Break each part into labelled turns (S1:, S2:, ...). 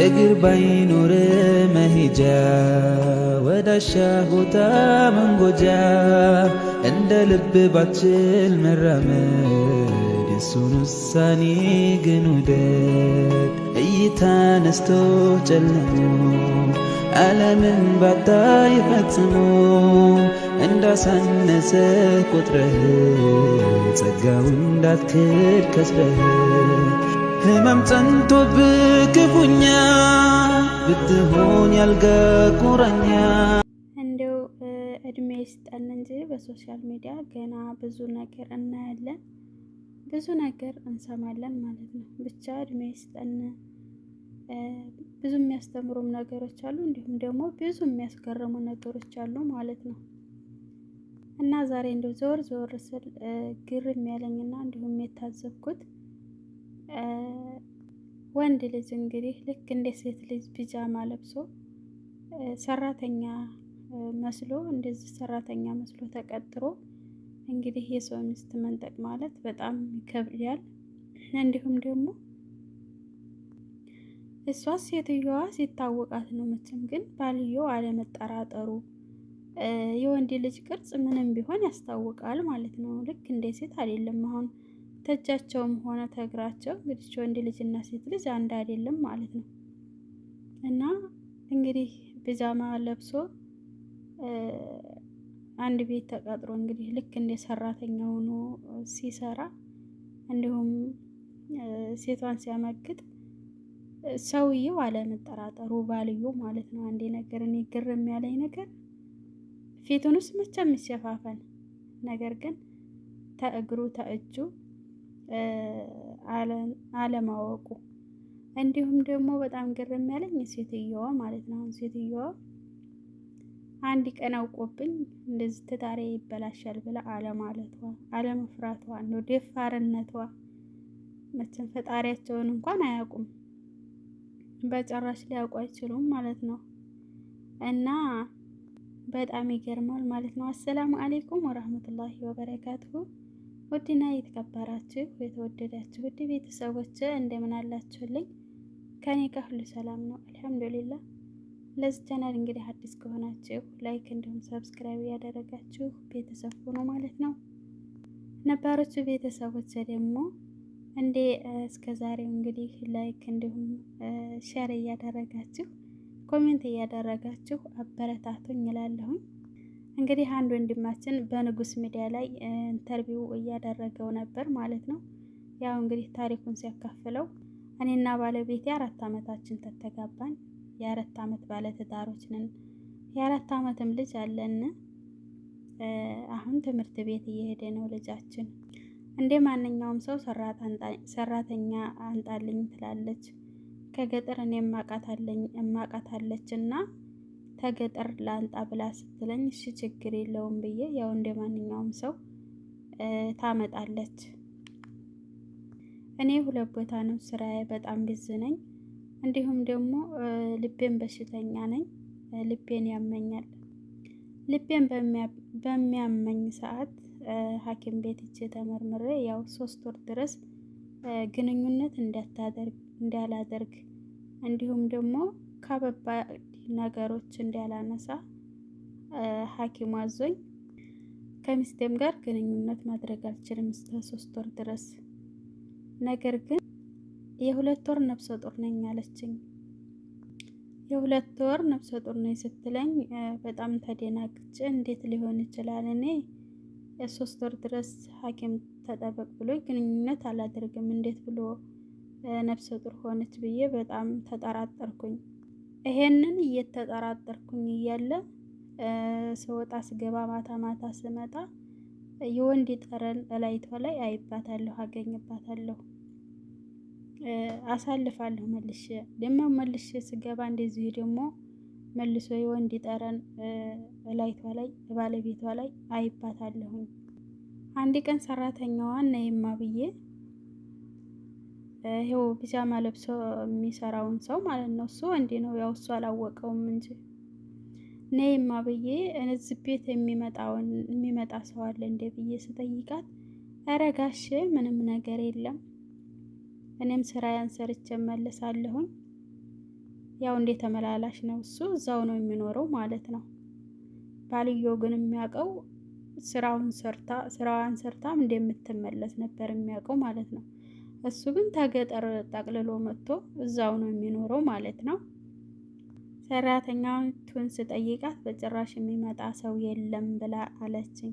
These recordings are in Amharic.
S1: እግር ባይኖር መሄጃ ወዳሻ ቦታ መንጎጃ እንደ ልብ ባችል መራመድ የሱን ውሳኔ ግን ውደድ እይታ ነስቶ ጨልሞ ዓለምን ባታይ ፈጽሞ እንዳሳነሰ ቁጥረህ ጸጋው እንዳትክድ ከስረህ ህመም ጸንቶብህ ክፉኛ ብትሆን ያልጋ
S2: እንደው እድሜ ይስጠን እንጂ በሶሻል ሚዲያ ገና ብዙ ነገር እናያለን፣ ብዙ ነገር እንሰማለን ማለት ነው። ብቻ እድሜ ይስጠን። ብዙ የሚያስተምሩም ነገሮች አሉ፣ እንዲሁም ደግሞ ብዙ የሚያስገርሙ ነገሮች አሉ ማለት ነው። እና ዛሬ እንደው ዞር ዞር ስል ግርም ያለኝና እንዲሁም የታዘብኩት ወንድ ልጅ እንግዲህ ልክ እንደ ሴት ልጅ ቢጃማ ለብሶ ሰራተኛ መስሎ እንደዚህ ሰራተኛ መስሎ ተቀጥሮ እንግዲህ የሰው ሚስት መንጠቅ ማለት በጣም ይከብዳል። እንዲሁም ደግሞ እሷ ሴትዮዋ ሲታወቃት ነው መቼም። ግን ባልየው አለመጠራጠሩ የወንድ ልጅ ቅርጽ ምንም ቢሆን ያስታውቃል ማለት ነው። ልክ እንደ ሴት አይደለም አሁን ተእጃቸውም ሆነ ተእግራቸው እንግዲህ ወንድ ልጅና ሴት ልጅ አንድ አይደለም ማለት ነው። እና እንግዲህ ብጃማ ለብሶ አንድ ቤት ተቀጥሮ እንግዲህ ልክ እንደ ሰራተኛ ሆኖ ሲሰራ እንዲሁም ሴቷን ሲያመግጥ ሰውየው አለመጠራጠሩ ባልዮ ማለት ነው። አንዴ ነገር እኔ ግርም ያለኝ ነገር ፊቱን ውስጥ መቼም ይሸፋፈን ነገር ግን ተእግሩ ተእጁ አለማወቁ እንዲሁም ደግሞ በጣም ግርም ያለኝ ሴትየዋ ማለት ነው። አሁን ሴትየዋ አንድ ቀን አውቆብኝ እንደዚህ ትዳሬ ይበላሻል ብላ አለማለቷ፣ አለመፍራቷ ነው ደፋርነቷ። መቼም ፈጣሪያቸውን እንኳን አያውቁም፣ በጭራሽ ሊያውቁ አይችሉም ማለት ነው። እና በጣም ይገርማል ማለት ነው። አሰላሙ አሌይኩም ወረህመቱላሂ ወበረካቱሁ ውድና የተከበራችሁ የተወደዳችሁ ውድ ቤተሰቦች እንደምን አላችሁልኝ? ከኔ ጋር ሁሉ ሰላም ነው አልሐምዱሊላ። ለዚህ ቻናል እንግዲህ አዲስ ከሆናችሁ ላይክ እንዲሁም ሰብስክራይብ ያደረጋችሁ ቤተሰብ ሆኖ ማለት ነው። ነባሮቹ ቤተሰቦች ደግሞ እንዴ እስከ ዛሬው እንግዲህ ላይክ እንዲሁም ሼር እያደረጋችሁ ኮሜንት እያደረጋችሁ አበረታቱኝ እላለሁኝ። እንግዲህ አንድ ወንድማችን በንጉስ ሚዲያ ላይ ኢንተርቪው እያደረገው ነበር ማለት ነው። ያው እንግዲህ ታሪኩን ሲያካፍለው እኔና ባለቤቴ አራት አመታችን ተተጋባን። የአራት አመት ባለትዳሮች ነን። የአራት አመትም ልጅ አለን። አሁን ትምህርት ቤት እየሄደ ነው ልጃችን። እንደ ማንኛውም ሰው ሰራተኛ አንጣልኝ ትላለች። ከገጠር እኔ እማቃታለች እና ከገጠር ላንጣ ብላ ስትለኝ እሺ ችግር የለውም ብዬ ያው እንደ ማንኛውም ሰው ታመጣለች። እኔ ሁለት ቦታ ነው ስራዬ፣ በጣም ቢዝ ነኝ። እንዲሁም ደግሞ ልቤን በሽተኛ ነኝ። ልቤን ያመኛል። ልቤን በሚያመኝ ሰዓት ሐኪም ቤት እጅ ተመርምሬ ያው ሶስት ወር ድረስ ግንኙነት እንዳላደርግ እንዲሁም ደግሞ ነገሮች እንዳላነሳ ሀኪም አዞኝ ከሚስቴም ጋር ግንኙነት ማድረግ አልችልም እስከ ሶስት ወር ድረስ። ነገር ግን የሁለት ወር ነፍሰ ጡር ነኝ አለችኝ። የሁለት ወር ነፍሰ ጡር ነኝ ስትለኝ በጣም ተደናግጬ እንዴት ሊሆን ይችላል? እኔ ሶስት ወር ድረስ ሐኪም ተጠበቅ ብሎ ግንኙነት አላደርግም እንዴት ብሎ ነፍሰ ጡር ሆነች ብዬ በጣም ተጠራጠርኩኝ። ይሄንን እየተጠራጠርኩኝ እያለ ስወጣ ስገባ ማታ ማታ ስመጣ የወንድ ጠረን እላይቷ ላይ አይባታለሁ፣ አገኝባታለሁ፣ አሳልፋለሁ። መልሼ ደግሞ መልሼ ስገባ እንደዚህ ደግሞ መልሶ የወንድ ጠረን እላይቷ ላይ ባለቤቷ ላይ አይባታለሁኝ። አንድ ቀን ሰራተኛዋን ነይማ ብዬ ይሄው ፒጃማ ለብሶ የሚሰራውን ሰው ማለት ነው። እሱ እንዴ ነው ያው እሱ አላወቀውም እንጂ ነይማ ብዬ እዚህ ቤት የሚመጣውን የሚመጣ ሰው አለ እንደ ብዬ ስጠይቃት ኧረ ጋሽ ምንም ነገር የለም እኔም ስራዬን ሰርቼ እመለሳለሁኝ። ያው እንደ ተመላላሽ ነው እሱ እዛው ነው የሚኖረው ማለት ነው። ባልየው ግን የሚያውቀው ስራውን ሰርታ ስራዋን ሰርታም እንደምትመለስ ነበር የሚያውቀው ማለት ነው። እሱ ግን ተገጠር ጠቅልሎ መጥቶ እዛው ነው የሚኖረው ማለት ነው። ሰራተኛቱን ስጠይቃት በጭራሽ የሚመጣ ሰው የለም ብላ አለችኝ።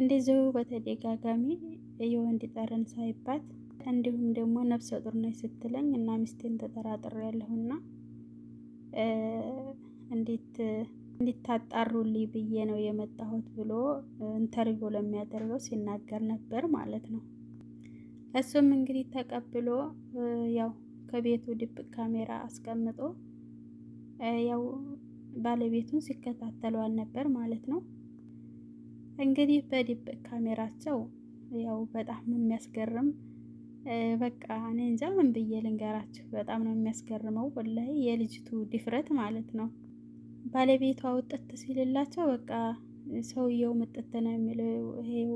S2: እንደዚሁ በተደጋጋሚ የወንድ ጠረን ሳይባት እንዲሁም ደግሞ ነፍሰ ጡር ነች ስትለኝ እና ሚስቴን ተጠራጥሬ ያለሁና እንዴት እንዲታጣሩልኝ ብዬ ነው የመጣሁት ብሎ ኢንተርቪው ለሚያደርገው ሲናገር ነበር ማለት ነው። እሱም እንግዲህ ተቀብሎ ያው ከቤቱ ድብቅ ካሜራ አስቀምጦ ያው ባለቤቱን ሲከታተሏል ነበር ማለት ነው። እንግዲህ በድብቅ ካሜራቸው ያው በጣም የሚያስገርም በቃ እኔ እንጃ ምን ብዬ ልንገራችሁ። በጣም ነው የሚያስገርመው ወላሂ የልጅቱ ድፍረት ማለት ነው። ባለቤቷ ውጥት ሲልላቸው በቃ ሰውየው ምጥት ነው የሚለው ይሄው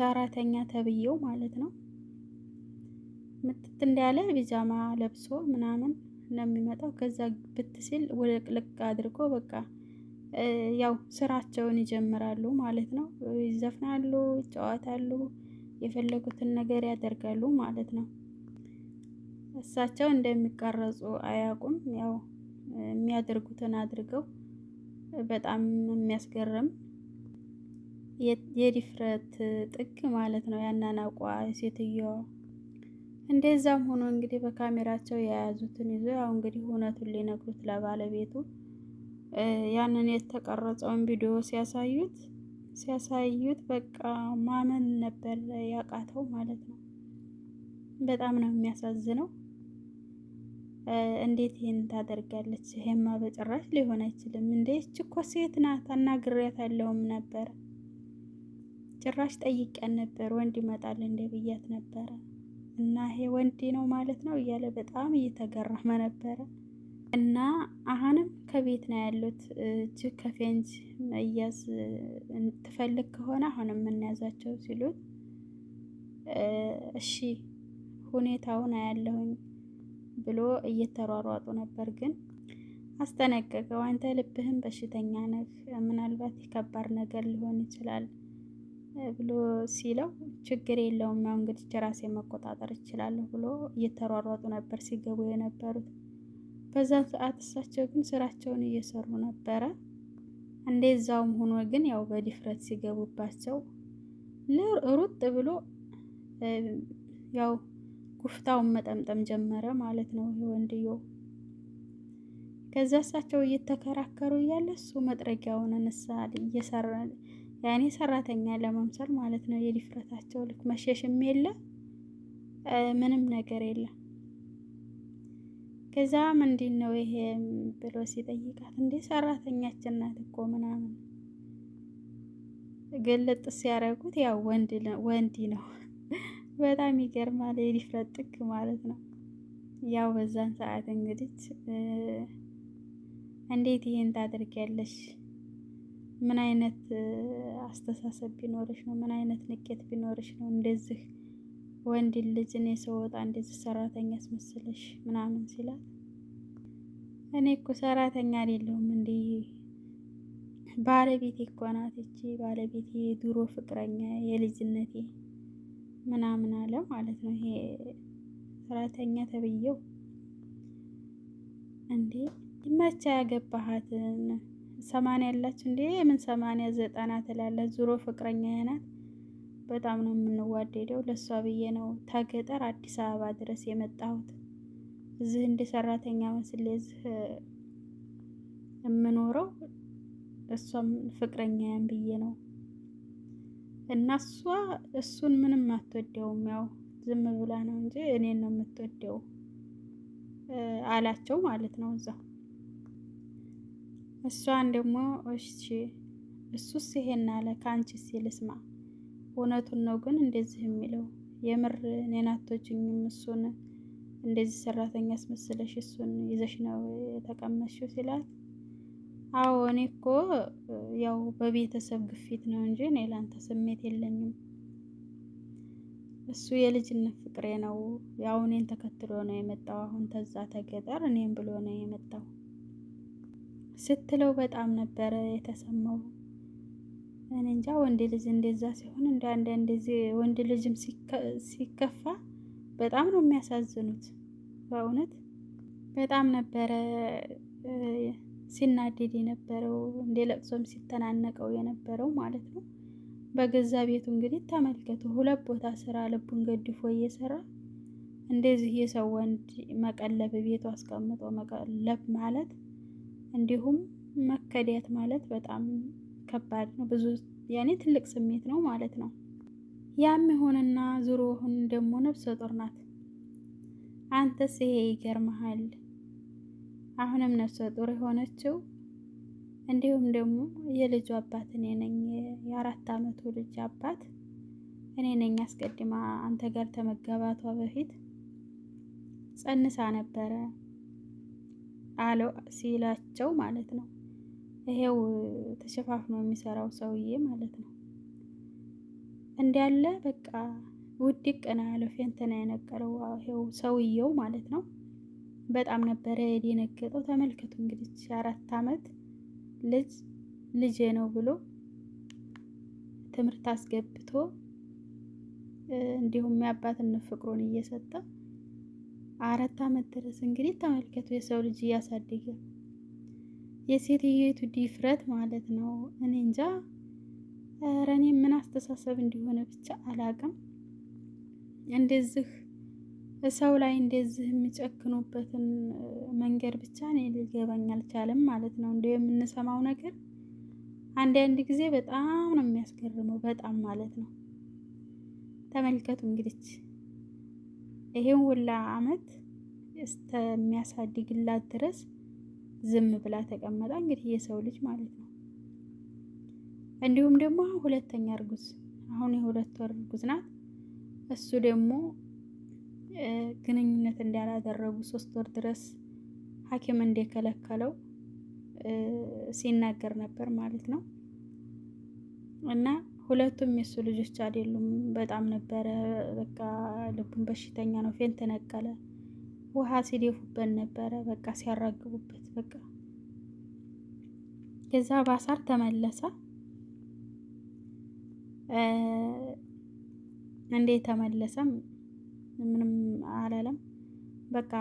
S2: ሰራተኛ ተብዬው ማለት ነው። ምትት እንዳለ ቢጃማ ለብሶ ምናምን ነው የሚመጣው። ከዛ ብት ሲል ውልቅልቅ አድርጎ በቃ ያው ስራቸውን ይጀምራሉ ማለት ነው። ይዘፍናሉ፣ ይጫወታሉ፣ የፈለጉትን ነገር ያደርጋሉ ማለት ነው። እሳቸው እንደሚቀረጹ አያውቁም። ያው የሚያደርጉትን አድርገው በጣም የሚያስገርም የድፍረት ጥግ ማለት ነው ያናናቋ ሴትዮዋ እንደዛም ሆኖ እንግዲህ በካሜራቸው የያዙትን ይዞ ያው እንግዲህ እውነቱን ሊነግሩት ለባለቤቱ ያንን የተቀረጸውን ቪዲዮ ሲያሳዩት ሲያሳዩት በቃ ማመን ነበር ያቃተው ማለት ነው። በጣም ነው የሚያሳዝነው። እንዴት ይህን ታደርጋለች? ይሄማ በጭራሽ ሊሆን አይችልም። እንዴ እች እኮ ሴት ናት፣ አናግሬያት አለሁም ነበር ጭራሽ ጠይቄያት ነበር ወንድ ይመጣል እንደ ብያት ነበረ። እና ይሄ ወንዴ ነው ማለት ነው እያለ በጣም እየተገረመ ነበረ። እና አሁንም ከቤት ነው ያሉት። እጅ ከፌንጅ መያዝ ትፈልግ ከሆነ አሁንም የምንያዛቸው ሲሉት፣ እሺ ሁኔታውን አያለሁኝ ብሎ እየተሯሯጡ ነበር። ግን አስጠነቀቀው፣ አንተ ልብህን በሽተኛ ነህ፣ ምናልባት ከባድ ነገር ሊሆን ይችላል ብሎ ሲለው ችግር የለውም ያው እንግዲህ ራሴ መቆጣጠር እችላለሁ ብሎ እየተሯሯጡ ነበር ሲገቡ የነበሩት። በዛ ሰዓት እሳቸው ግን ስራቸውን እየሰሩ ነበረ። እንደዛውም ሆኖ ግን ያው በድፍረት ሲገቡባቸው ሩጥ ብሎ ያው ጉፍታውን መጠምጠም ጀመረ ማለት ነው ወንድየው። ከዛ እሳቸው እየተከራከሩ እያለ እሱ መጥረጊያውን እንሳ ያኔ ሰራተኛ ለመምሰል ማለት ነው። የድፍረታቸው ልክ መሸሽም የለ ምንም ነገር የለም። ከዛ ምንድን ነው ይሄ ብሎ ሲጠይቃት እንዴ ሰራተኛችን ናት እኮ ምናምን ገለጥ ሲያደርጉት ያው ወንድ ነው። በጣም ይገርማል። የድፍረት ጥግ ማለት ነው። ያው በዛን ሰዓት እንግዲህ እንዴት ይሄን ታደርጊያለሽ ምን አይነት አስተሳሰብ ቢኖርሽ ነው? ምን አይነት ንቄት ቢኖርሽ ነው እንደዚህ ወንድ ልጅ እኔ ስወጣ እንደዚህ ሰራተኛ አስመስለሽ ምናምን ሲላት፣ እኔ እኮ ሰራተኛ አይደለሁም እንዴ ባለቤቴ እኮ ናት እቺ ባለቤቴ የድሮ ፍቅረኛ የልጅነቴ ምናምን አለ ማለት ነው። ይሄ ሰራተኛ ተብዬው እንዴ መቼ ያገባሃትን ሰማንያ ያላችሁ እንዴ የምን ሰማንያ ዘጠና ትላለህ? ዙሮ ፍቅረኛ ናት። በጣም ነው የምንዋደደው። ለእሷ ብዬ ነው ተገጠር አዲስ አበባ ድረስ የመጣሁት። እዚህ እንደ ሰራተኛ መስል እዚህ የምኖረው እሷም ፍቅረኛያን ብዬ ነው። እና እሷ እሱን ምንም አትወደውም፣ ያው ዝም ብላ ነው እንጂ እኔን ነው የምትወደው አላቸው ማለት ነው እዛ እሷን ደግሞ እሺ እሱስ ይሄን አለ ከአንቺ ሲል ስማ፣ እውነቱን ነው ግን እንደዚህ የሚለው የምር እኔን አትወጂኝም? እሱን እንደዚህ ሰራተኛ አስመስለሽ እሱን ይዘሽ ነው የተቀመጥሽው ሲላት፣ አዎ እኔ እኮ ያው በቤተሰብ ግፊት ነው እንጂ እኔ ላንተ ስሜት የለኝም። እሱ የልጅነት ፍቅሬ ነው። ያው እኔን ተከትሎ ነው የመጣው። አሁን ተዛ ተገጠር እኔም ብሎ ነው የመጣው ስትለው በጣም ነበረ የተሰማው። እኔ እንጃ ወንድ ልጅ እንደዛ ሲሆን እንደ እንደዚህ ወንድ ልጅም ሲከፋ በጣም ነው የሚያሳዝኑት። በእውነት በጣም ነበረ ሲናደድ የነበረው እንደ ለቅሶም ሲተናነቀው የነበረው ማለት ነው። በገዛ ቤቱ እንግዲህ ተመልከቱ፣ ሁለት ቦታ ስራ ልቡን ገድፎ እየሰራ እንደዚህ የሰው ወንድ መቀለብ ቤቱ አስቀምጦ መቀለብ ማለት እንዲሁም መከዳት ማለት በጣም ከባድ ነው። ብዙ ያኔ ትልቅ ስሜት ነው ማለት ነው። ያም ይሁንና ዙሮህን ደግሞ ነፍሰ ጡር ናት። አንተስ ይሄ ይገርመሃል። አሁንም ነፍሰ ጡር የሆነችው እንዲሁም ደግሞ የልጁ አባት እኔ ነኝ። የአራት አመቱ ልጅ አባት እኔ ነኝ። አስቀድማ አንተ ጋር ከመጋባቷ በፊት ጸንሳ ነበረ አለው ሲላቸው ማለት ነው። ይሄው ተሸፋፍኖ የሚሰራው ሰውዬ ማለት ነው እንዳለ በቃ ውድቅ ነው ያለው። ፌንተና የነገረው ይሄው ሰውዬው ማለት ነው። በጣም ነበረ የደነገጠው። ተመልከቱ እንግዲህ አራት አመት ልጅ ልጄ ነው ብሎ ትምህርት አስገብቶ እንዲሁም የአባትነት ፍቅሩን እየሰጠ አራት ዓመት ድረስ እንግዲህ ተመልከቱ የሰው ልጅ እያሳደገ የሴትየቱ ድፍረት ማለት ነው። እኔ እንጃ ረኔ ምን አስተሳሰብ እንዲሆነ ብቻ አላቅም። እንደዚህ ሰው ላይ እንደዚህ የሚጨክኑበትን መንገድ ብቻ እኔ ሊገባኝ አልቻለም ማለት ነው። እንደ የምንሰማው ነገር አንዳንድ ጊዜ በጣም ነው የሚያስገርመው፣ በጣም ማለት ነው። ተመልከቱ እንግዲህ ይሄን ሁላ አመት እስከሚያሳድግላት ድረስ ዝም ብላ ተቀመጣ። እንግዲህ የሰው ልጅ ማለት ነው። እንዲሁም ደግሞ ሁለተኛ እርጉዝ አሁን የሁለት ወር እርጉዝ ናት። እሱ ደግሞ ግንኙነት እንዳላደረጉ ሶስት ወር ድረስ ሐኪም እንደከለከለው ሲናገር ነበር ማለት ነው እና ሁለቱም የሱ ልጆች አይደሉም። በጣም ነበረ በቃ ልቡን በሽተኛ ነው። ፌን ተነቀለ። ውሃ ሲደፉበት ነበረ በቃ ሲያራግቡበት በቃ ከዛ ባሳር ተመለሰ። እንዴ ተመለሰም ምንም አላለም። በቃ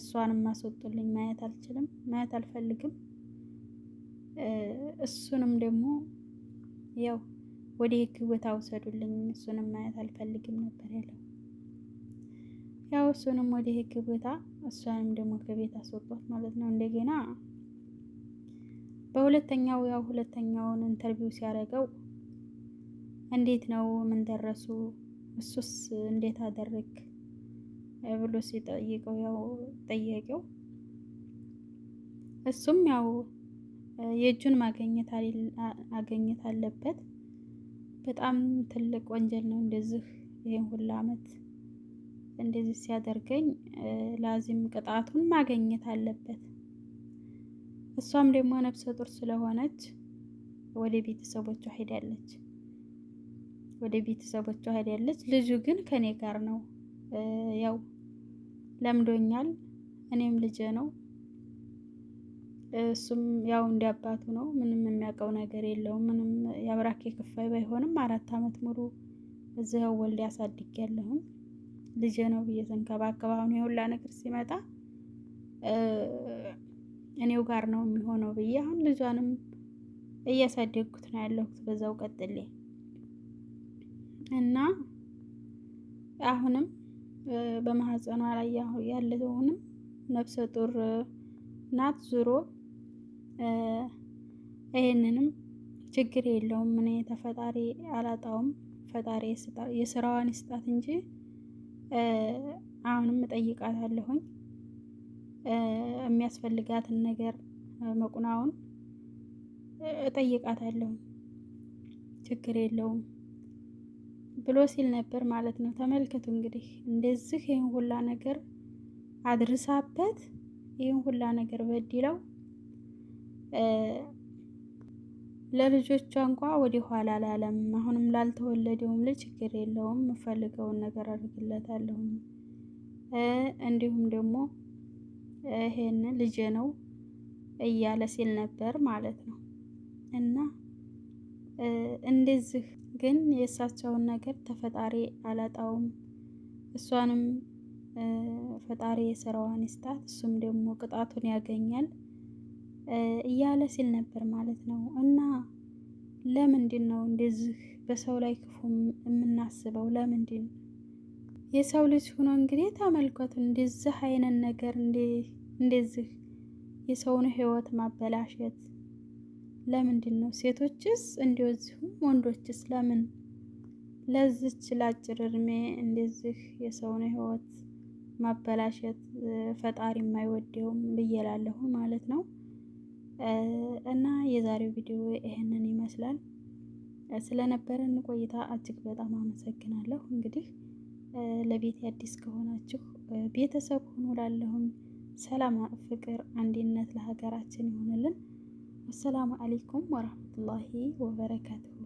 S2: እሷንም አስወጡልኝ፣ ማየት አልችልም፣ ማየት አልፈልግም። እሱንም ደግሞ ያው ወደ ህግ ቦታ ውሰዱልኝ፣ እሱንም ማየት አልፈልግም ነበር ያለው። ያው እሱንም ወደ ህግ ቦታ እሷንም ደግሞ ከቤት አስወጧት ማለት ነው። እንደገና በሁለተኛው ያው ሁለተኛውን ኢንተርቪው ሲያደርገው እንዴት ነው ምን ደረሱ? እሱስ እንዴት አደረግ ብሎ ሲጠይቀው ያው ጠየቀው። እሱም ያው የእጁን ማግኘት አገኘት አለበት በጣም ትልቅ ወንጀል ነው። እንደዚህ ይህን ሁሉ አመት እንደዚህ ሲያደርገኝ ላዚም ቅጣቱን ማገኘት አለበት። እሷም ደግሞ ነፍሰ ጡር ስለሆነች ወደ ቤተሰቦቿ ሄዳለች። ወደ ቤተሰቦቿ ሄዳለች። ልጁ ግን ከኔ ጋር ነው። ያው ለምዶኛል። እኔም ልጄ ነው እሱም ያው እንደ አባቱ ነው። ምንም የሚያውቀው ነገር የለውም። ምንም የአብራኬ ክፋይ ባይሆንም አራት አመት ሙሉ እዚህው ወልድ ያሳድግ ያለሁም ልጄ ነው ብዬ ተንከባከባ አሁን የሁላ ነገር ሲመጣ እኔው ጋር ነው የሚሆነው ብዬ አሁን ልጇንም እያሳደግኩት ነው ያለሁት በዛው ቀጥሌ እና አሁንም በማህፀኗ ላይ ያለውንም ነፍሰ ጡር ናት ዙሮ ይህንንም ችግር የለውም ምን ተፈጣሪ አላጣውም፣ ፈጣሪ የስራዋን ይስጣት እንጂ አሁንም እጠይቃታለሁኝ የሚያስፈልጋትን ነገር መቁናውን እጠይቃታለሁኝ ችግር የለውም ብሎ ሲል ነበር ማለት ነው። ተመልከቱ እንግዲህ እንደዚህ ይህን ሁላ ነገር አድርሳበት ይህን ሁላ ነገር በድለው ለልጆቿ እንኳ ወደ ኋላ አላለም። አሁንም ላልተወለደውም ልጅ ችግር የለውም የምፈልገውን ነገር አድርግለታለሁ። እንዲሁም ደግሞ ይሄን ልጅ ነው እያለ ሲል ነበር ማለት ነው እና እንደዚህ ግን የእሳቸውን ነገር ተፈጣሪ አላጣውም። እሷንም ፈጣሪ የስራዋን ይስጣት፣ እሱም ደግሞ ቅጣቱን ያገኛል። እያለ ሲል ነበር ማለት ነው። እና ለምንድን ነው እንደዚህ በሰው ላይ ክፉ የምናስበው? ለምንድን የሰው ልጅ ሆኖ እንግዲህ ተመልከቱ፣ እንደዚህ አይነት ነገር እንደዚህ የሰውን ህይወት ማበላሸት ለምንድን ነው? ሴቶችስ እንደዚሁም ወንዶችስ ለምን ለዚች ላጭር እድሜ እንደዚህ የሰውን ህይወት ማበላሸት ፈጣሪ የማይወደውም ብዬላለሁ ማለት ነው። እና የዛሬው ቪዲዮ ይህንን ይመስላል። ስለነበረን ቆይታ እጅግ በጣም አመሰግናለሁ። እንግዲህ ለቤት አዲስ ከሆናችሁ ቤተሰብ ሆኖ ላለሁም ሰላም፣ ፍቅር፣ አንድነት ለሀገራችን ይሆንልን። አሰላሙ አሌይኩም ወራህመቱላሂ ወበረካቱሁ።